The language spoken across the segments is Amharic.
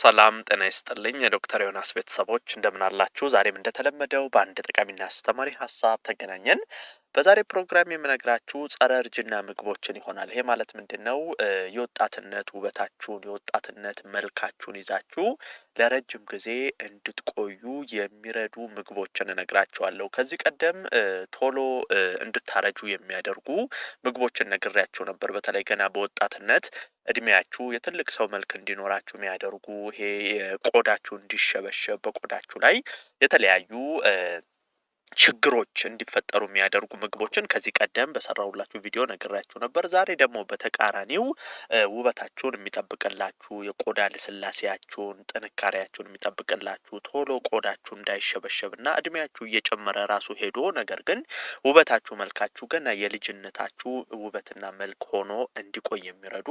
ሰላም ጤና ይስጥልኝ የዶክተር ዮናስ ቤተሰቦች እንደምን አላችሁ? ዛሬም እንደተለመደው በአንድ ጠቃሚና አስተማሪ ሀሳብ ተገናኘን። በዛሬ ፕሮግራም የምነግራችሁ ጸረ እርጅና ምግቦችን ይሆናል። ይሄ ማለት ምንድን ነው? የወጣትነት ውበታችሁን የወጣትነት መልካችሁን ይዛችሁ ለረጅም ጊዜ እንድትቆዩ የሚረዱ ምግቦችን እነግራችኋለሁ። ከዚህ ቀደም ቶሎ እንድታረጁ የሚያደርጉ ምግቦችን ነግሬያችሁ ነበር። በተለይ ገና በወጣትነት እድሜያችሁ የትልቅ ሰው መልክ እንዲኖራችሁ የሚያደርጉ ይሄ ቆዳችሁ እንዲሸበሸብ በቆዳችሁ ላይ የተለያዩ ችግሮች እንዲፈጠሩ የሚያደርጉ ምግቦችን ከዚህ ቀደም በሰራሁላችሁ ቪዲዮ ነግሬያችሁ ነበር። ዛሬ ደግሞ በተቃራኒው ውበታችሁን የሚጠብቅላችሁ የቆዳ ልስላሴያችሁን፣ ጥንካሬያችሁን የሚጠብቅላችሁ ቶሎ ቆዳችሁ እንዳይሸበሸብና እድሜያችሁ እየጨመረ ራሱ ሄዶ ነገር ግን ውበታችሁ መልካችሁ ገና የልጅነታችሁ ውበትና መልክ ሆኖ እንዲቆይ የሚረዱ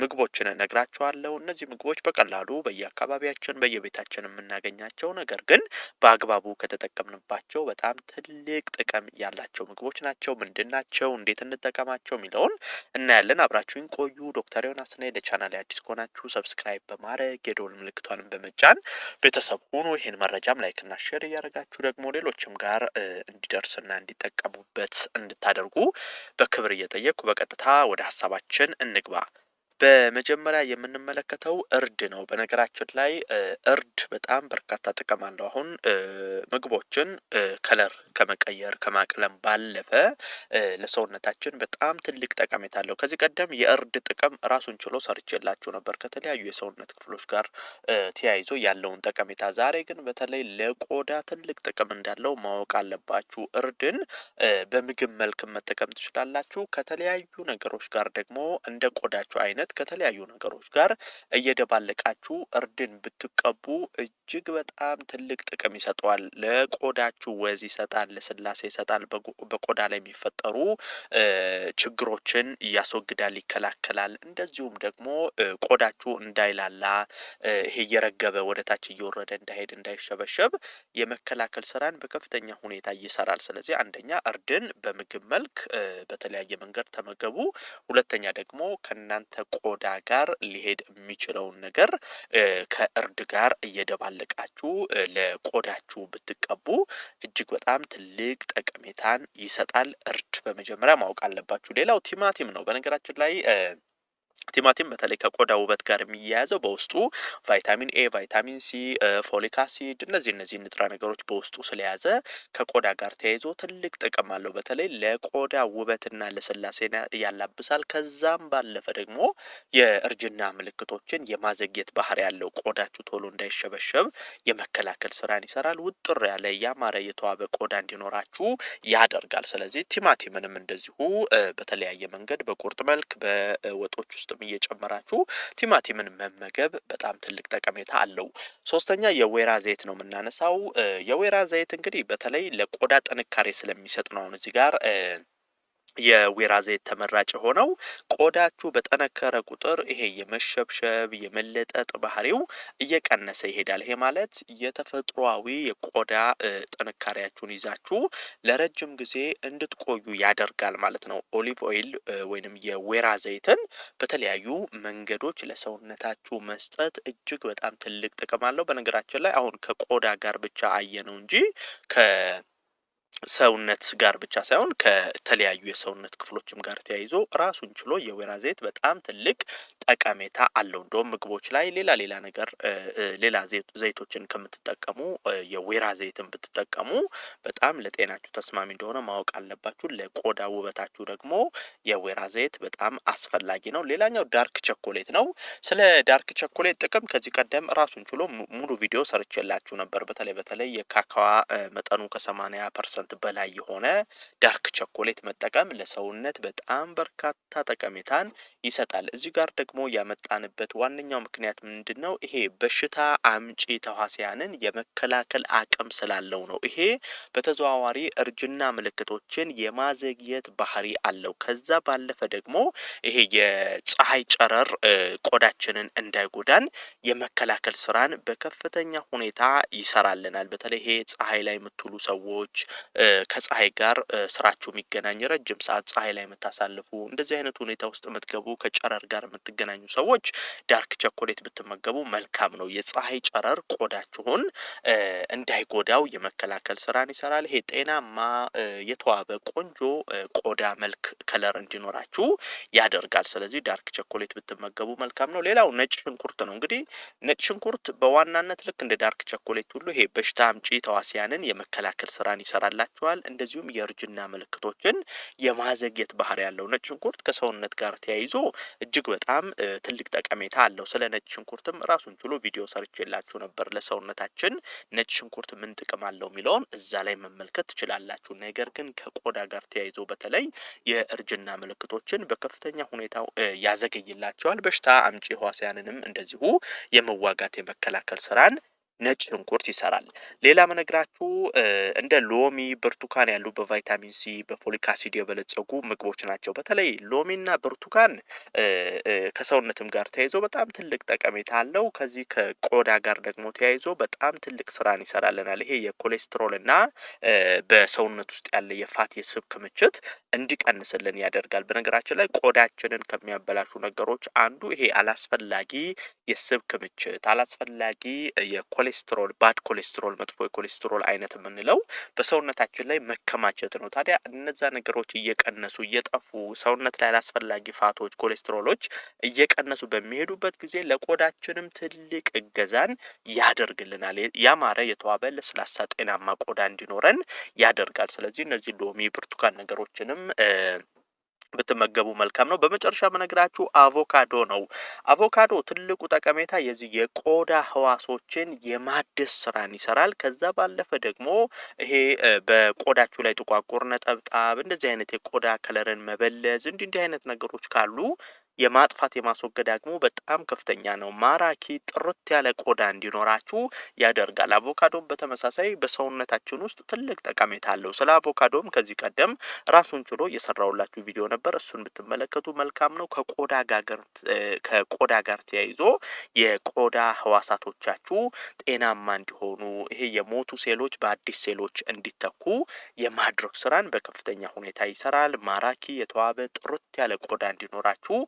ምግቦችን ነግራችኋለሁ። እነዚህ ምግቦች በቀላሉ በየአካባቢያችን በየቤታችን የምናገኛቸው ነገር ግን በአግባቡ ከተጠቀምንባቸው በጣም በጣም ትልቅ ጥቅም ያላቸው ምግቦች ናቸው። ምንድን ናቸው? እንዴት እንጠቀማቸው? የሚለውን እናያለን። አብራችሁን ቆዩ። ዶክተር ዮናስ ነኝ። ለቻናል አዲስ ከሆናችሁ ሰብስክራይብ በማድረግ የደወል ምልክቷንም በመጫን ቤተሰብ ሆኖ ይህን መረጃም ላይክና ሼር እያደረጋችሁ ደግሞ ሌሎችም ጋር እንዲደርስና እንዲጠቀሙበት እንድታደርጉ በክብር እየጠየቅኩ በቀጥታ ወደ ሀሳባችን እንግባ። በመጀመሪያ የምንመለከተው እርድ ነው። በነገራችን ላይ እርድ በጣም በርካታ ጥቅም አለው። አሁን ምግቦችን ከለር ከመቀየር ከማቅለም ባለፈ ለሰውነታችን በጣም ትልቅ ጠቀሜታ አለው። ከዚህ ቀደም የእርድ ጥቅም ራሱን ችሎ ሰርቼላችሁ ነበር ከተለያዩ የሰውነት ክፍሎች ጋር ተያይዞ ያለውን ጠቀሜታ። ዛሬ ግን በተለይ ለቆዳ ትልቅ ጥቅም እንዳለው ማወቅ አለባችሁ። እርድን በምግብ መልክ መጠቀም ትችላላችሁ። ከተለያዩ ነገሮች ጋር ደግሞ እንደ ቆዳችሁ አይነት ከእንጨት ከተለያዩ ነገሮች ጋር እየደባለቃችሁ እርድን ብትቀቡ እጅግ በጣም ትልቅ ጥቅም ይሰጠዋል። ለቆዳችሁ ወዝ ይሰጣል፣ ለስላሴ ይሰጣል። በቆዳ ላይ የሚፈጠሩ ችግሮችን ያስወግዳል፣ ይከላከላል። እንደዚሁም ደግሞ ቆዳችሁ እንዳይላላ ይሄ እየረገበ ወደ ታች እየወረደ እንዳይሄድ እንዳይሸበሸብ የመከላከል ስራን በከፍተኛ ሁኔታ ይሰራል። ስለዚህ አንደኛ እርድን በምግብ መልክ በተለያየ መንገድ ተመገቡ። ሁለተኛ ደግሞ ከእናንተ ቆዳ ጋር ሊሄድ የሚችለውን ነገር ከእርድ ጋር እየደባለቃችሁ ለቆዳችሁ ብትቀቡ እጅግ በጣም ትልቅ ጠቀሜታን ይሰጣል። እርድ በመጀመሪያ ማወቅ አለባችሁ። ሌላው ቲማቲም ነው። በነገራችን ላይ ቲማቲም በተለይ ከቆዳ ውበት ጋር የሚያያዘው በውስጡ ቫይታሚን ኤ፣ ቫይታሚን ሲ፣ ፎሊክ አሲድ እነዚህ እነዚህ ንጥረ ነገሮች በውስጡ ስለያዘ ከቆዳ ጋር ተያይዞ ትልቅ ጥቅም አለው። በተለይ ለቆዳ ውበትና ለስላሴ ያላብሳል። ከዛም ባለፈ ደግሞ የእርጅና ምልክቶችን የማዘግየት ባህሪ ያለው ቆዳችሁ ቶሎ እንዳይሸበሸብ የመከላከል ስራን ይሰራል። ውጥር ያለ ያማረ የተዋበ ቆዳ እንዲኖራችሁ ያደርጋል። ስለዚህ ቲማቲምንም እንደዚሁ በተለያየ መንገድ በቁርጥ መልክ በወጦች ውስጥ ቲማቲም እየጨመራችሁ ቲማቲምን መመገብ በጣም ትልቅ ጠቀሜታ አለው። ሶስተኛ የወይራ ዘይት ነው የምናነሳው። የወይራ ዘይት እንግዲህ በተለይ ለቆዳ ጥንካሬ ስለሚሰጥ ነው አሁን እዚህ ጋር የወይራ ዘይት ተመራጭ የሆነው ቆዳችሁ በጠነከረ ቁጥር ይሄ የመሸብሸብ የመለጠጥ ባህሪው እየቀነሰ ይሄዳል። ይሄ ማለት የተፈጥሯዊ የቆዳ ጥንካሬያችሁን ይዛችሁ ለረጅም ጊዜ እንድትቆዩ ያደርጋል ማለት ነው። ኦሊቭ ኦይል ወይንም የወይራ ዘይትን በተለያዩ መንገዶች ለሰውነታችሁ መስጠት እጅግ በጣም ትልቅ ጥቅም አለው። በነገራችን ላይ አሁን ከቆዳ ጋር ብቻ አየ ነው እንጂ ከ ሰውነት ጋር ብቻ ሳይሆን ከተለያዩ የሰውነት ክፍሎችም ጋር ተያይዞ ራሱን ችሎ የወይራ ዘይት በጣም ትልቅ ጠቀሜታ አለው። እንደውም ምግቦች ላይ ሌላ ሌላ ነገር ሌላ ዘይቶችን ከምትጠቀሙ የወይራ ዘይትን ብትጠቀሙ በጣም ለጤናችሁ ተስማሚ እንደሆነ ማወቅ አለባችሁ። ለቆዳ ውበታችሁ ደግሞ የወይራ ዘይት በጣም አስፈላጊ ነው። ሌላኛው ዳርክ ቸኮሌት ነው። ስለ ዳርክ ቸኮሌት ጥቅም ከዚህ ቀደም ራሱን ችሎ ሙሉ ቪዲዮ ሰርቼላችሁ ነበር። በተለይ በተለይ የካካዋ መጠኑ ከሰማንያ ፐርሰንት ከ በላይ የሆነ ዳርክ ቸኮሌት መጠቀም ለሰውነት በጣም በርካታ ጠቀሜታን ይሰጣል። እዚህ ጋር ደግሞ ያመጣንበት ዋነኛው ምክንያት ምንድን ነው? ይሄ በሽታ አምጪ ተዋሲያንን የመከላከል አቅም ስላለው ነው። ይሄ በተዘዋዋሪ እርጅና ምልክቶችን የማዘግየት ባህሪ አለው። ከዛ ባለፈ ደግሞ ይሄ የፀሐይ ጨረር ቆዳችንን እንዳይጎዳን የመከላከል ስራን በከፍተኛ ሁኔታ ይሰራልናል። በተለይ ይሄ ፀሐይ ላይ የምትውሉ ሰዎች ከፀሐይ ጋር ስራችሁ የሚገናኝ ረጅም ሰዓት ፀሐይ ላይ የምታሳልፉ እንደዚህ አይነት ሁኔታ ውስጥ የምትገቡ ከጨረር ጋር የምትገናኙ ሰዎች ዳርክ ቸኮሌት ብትመገቡ መልካም ነው። የፀሐይ ጨረር ቆዳችሁን እንዳይጎዳው የመከላከል ስራን ይሰራል። ይሄ ጤናማ የተዋበ ቆንጆ ቆዳ መልክ ከለር እንዲኖራችሁ ያደርጋል። ስለዚህ ዳርክ ቸኮሌት ብትመገቡ መልካም ነው። ሌላው ነጭ ሽንኩርት ነው። እንግዲህ ነጭ ሽንኩርት በዋናነት ልክ እንደ ዳርክ ቸኮሌት ሁሉ ይሄ በሽታ አምጪ ተዋሲያንን የመከላከል ስራን ይሰራላችሁ ይሰጣቸዋል። እንደዚሁም የእርጅና ምልክቶችን የማዘግየት ባህሪ ያለው ነጭ ሽንኩርት ከሰውነት ጋር ተያይዞ እጅግ በጣም ትልቅ ጠቀሜታ አለው። ስለ ነጭ ሽንኩርትም ራሱን ችሎ ቪዲዮ ሰርቼላችሁ ነበር። ለሰውነታችን ነጭ ሽንኩርት ምን ጥቅም አለው የሚለውን እዛ ላይ መመልከት ትችላላችሁ። ነገር ግን ከቆዳ ጋር ተያይዞ በተለይ የእርጅና ምልክቶችን በከፍተኛ ሁኔታ ያዘገይላቸዋል። በሽታ አምጪ ህዋሲያንንም እንደዚሁ የመዋጋት የመከላከል ስራን ነጭ ሽንኩርት ይሰራል። ሌላ መነግራችሁ እንደ ሎሚ፣ ብርቱካን ያሉ በቫይታሚን ሲ በፎሊክ አሲድ የበለጸጉ ምግቦች ናቸው። በተለይ ሎሚና ብርቱካን ከሰውነትም ጋር ተያይዞ በጣም ትልቅ ጠቀሜታ አለው። ከዚህ ከቆዳ ጋር ደግሞ ተያይዞ በጣም ትልቅ ስራን ይሰራልናል። ይሄ የኮሌስትሮልና በሰውነት ውስጥ ያለ የፋት የስብ ክምችት እንዲቀንስልን ያደርጋል። በነገራችን ላይ ቆዳችንን ከሚያበላሹ ነገሮች አንዱ ይሄ አላስፈላጊ የስብ ክምችት አላስፈላጊ ኮሌስትሮል ባድ ኮሌስትሮል መጥፎ የኮሌስትሮል አይነት የምንለው በሰውነታችን ላይ መከማቸት ነው። ታዲያ እነዛ ነገሮች እየቀነሱ እየጠፉ ሰውነት ላይ አላስፈላጊ ፋቶች፣ ኮሌስትሮሎች እየቀነሱ በሚሄዱበት ጊዜ ለቆዳችንም ትልቅ እገዛን ያደርግልናል። ያማረ የተዋበ ለስላሳ ጤናማ ቆዳ እንዲኖረን ያደርጋል። ስለዚህ እነዚህ ሎሚ፣ ብርቱካን ነገሮችንም ብትመገቡ መልካም ነው። በመጨረሻ የምነግራችሁ አቮካዶ ነው። አቮካዶ ትልቁ ጠቀሜታ የዚህ የቆዳ ህዋሶችን የማደስ ስራን ይሰራል። ከዛ ባለፈ ደግሞ ይሄ በቆዳችሁ ላይ ጥቋቁር ነጠብጣብ እንደዚህ አይነት የቆዳ ከለርን መበለዝ እንዲህ እንዲህ አይነት ነገሮች ካሉ የማጥፋት የማስወገድ አቅሙ በጣም ከፍተኛ ነው። ማራኪ ጥርት ያለ ቆዳ እንዲኖራችሁ ያደርጋል። አቮካዶም በተመሳሳይ በሰውነታችን ውስጥ ትልቅ ጠቀሜታ አለው። ስለ አቮካዶም ከዚህ ቀደም ራሱን ችሎ የሰራውላችሁ ቪዲዮ ነበር። እሱን ብትመለከቱ መልካም ነው። ከቆዳ ጋር ተያይዞ የቆዳ ህዋሳቶቻችሁ ጤናማ እንዲሆኑ ይሄ የሞቱ ሴሎች በአዲስ ሴሎች እንዲተኩ የማድረግ ስራን በከፍተኛ ሁኔታ ይሰራል። ማራኪ የተዋበ ጥርት ያለ ቆዳ እንዲኖራችሁ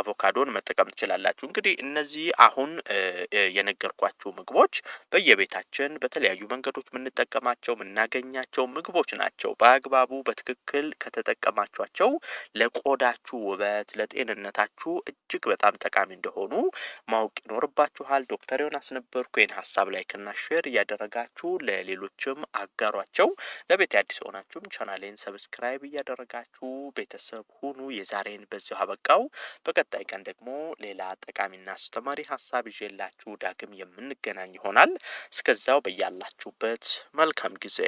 አቮካዶን መጠቀም ትችላላችሁ። እንግዲህ እነዚህ አሁን የነገርኳቸው ምግቦች በየቤታችን በተለያዩ መንገዶች የምንጠቀማቸው የምናገኛቸው ምግቦች ናቸው። በአግባቡ በትክክል ከተጠቀማችኋቸው ለቆዳችሁ ውበት፣ ለጤንነታችሁ እጅግ በጣም ጠቃሚ እንደሆኑ ማወቅ ይኖርባችኋል። ዶክተር ዮናስ ነበርኩ። ይህን ሀሳብ ላይክና ሼር እያደረጋችሁ ለሌሎችም አጋሯቸው። ለቤት አዲስ የሆናችሁም ቻናሌን ሰብስክራይብ እያደረጋችሁ ቤተሰብ ሁኑ። የዛሬን በዚሁ አበቃው። በቀጣይ ቀን ደግሞ ሌላ ጠቃሚና አስተማሪ ሀሳብ ይዤላችሁ ዳግም የምንገናኝ ይሆናል። እስከዛው በያላችሁበት መልካም ጊዜ